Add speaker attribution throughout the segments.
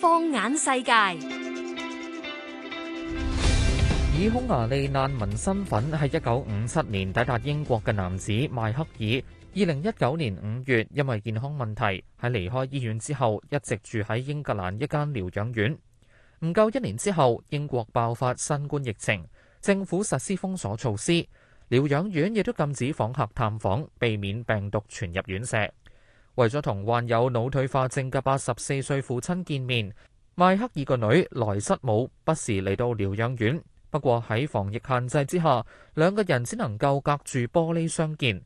Speaker 1: 放眼世界，以匈牙利難民身份喺一九五七年抵達英國嘅男子邁克爾。二零一九年五月，因為健康問題喺離開醫院之後，一直住喺英格蘭一間療養院。唔夠一年之後，英國爆發新冠疫情，政府實施封鎖措施，療養院亦都禁止訪客探訪，避免病毒傳入院舍。為咗同患有腦退化症嘅八十四歲父親見面，邁克爾個女萊瑟姆不時嚟到療養院。不過喺防疫限制之下，兩個人只能夠隔住玻璃相見。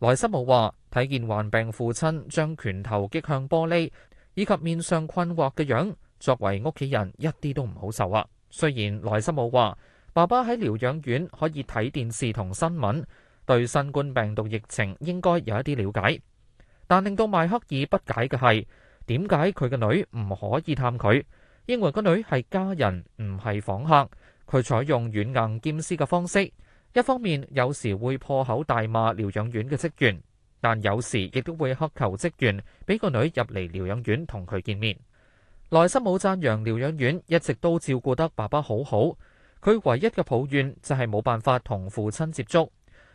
Speaker 1: 萊瑟姆話，睇見患病父親將拳頭擊向玻璃，以及面上困惑嘅樣，作為屋企人一啲都唔好受啊。雖然萊瑟姆話，爸爸喺療養院可以睇電視同新聞，對新冠病毒疫情應該有一啲了解。但令到邁克爾不解嘅係，點解佢個女唔可以探佢？認為個女係家人，唔係訪客。佢採用軟硬兼施嘅方式，一方面有時會破口大罵療養院嘅職員，但有時亦都會乞求職員俾個女入嚟療養院同佢見面。萊森姆讚揚療養院一直都照顧得爸爸好好，佢唯一嘅抱怨就係冇辦法同父親接觸，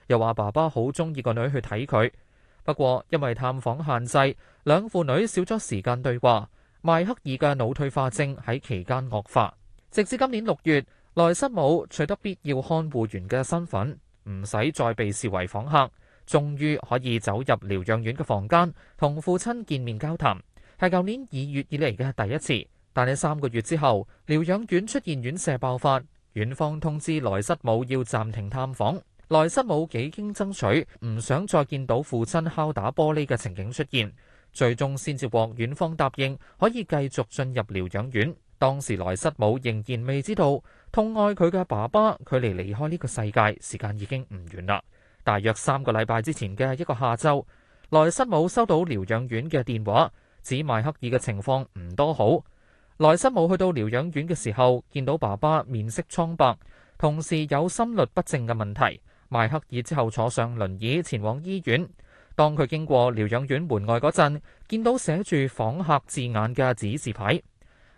Speaker 1: 又話爸爸好中意個女去睇佢。不過，因為探訪限制，兩父女少咗時間對話。邁克爾嘅腦退化症喺期間惡化，直至今年六月，萊塞姆取得必要看護員嘅身份，唔使再被視為訪客，終於可以走入療養院嘅房間同父親見面交談，係舊年二月以嚟嘅第一次。但喺三個月之後，療養院出現院舍爆發，院方通知萊塞姆要暫停探訪。萊什姆幾經爭取，唔想再見到父親敲打玻璃嘅情景出現，最終先至獲院方答應可以繼續進入療養院。當時萊什姆仍然未知道痛愛佢嘅爸爸，距離離開呢個世界時間已經唔遠啦。大約三個禮拜之前嘅一個下晝，萊什姆收到療養院嘅電話，指邁克爾嘅情況唔多好。萊什姆去到療養院嘅時候，見到爸爸面色蒼白，同時有心律不正嘅問題。邁克爾之後坐上輪椅前往醫院。當佢經過療養院門外嗰陣，見到寫住訪客字眼嘅指示牌，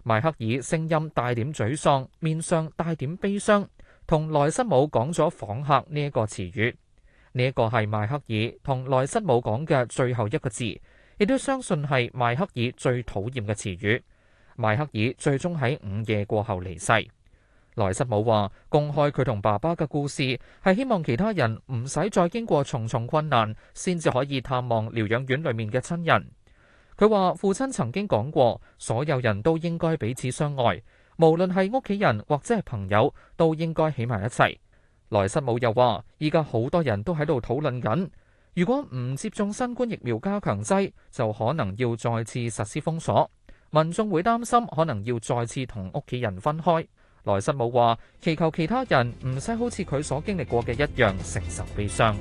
Speaker 1: 邁克爾聲音帶點沮喪，面上帶點悲傷，同內森姆講咗訪客呢一個詞語。呢一個係邁克爾同內森姆講嘅最後一個字，亦都相信係邁克爾最討厭嘅詞語。邁克爾最終喺午夜過後離世。萊什姆話：公開佢同爸爸嘅故事，係希望其他人唔使再經過重重困難，先至可以探望療養院裏面嘅親人。佢話父親曾經講過，所有人都應該彼此相愛，無論係屋企人或者係朋友，都應該喺埋一齊。萊什姆又話：依家好多人都喺度討論緊，如果唔接種新冠疫苗加強劑，就可能要再次實施封鎖，民眾會擔心可能要再次同屋企人分開。萊瑟姆話：祈求其他人唔使好似佢所經歷過嘅一樣承受悲傷。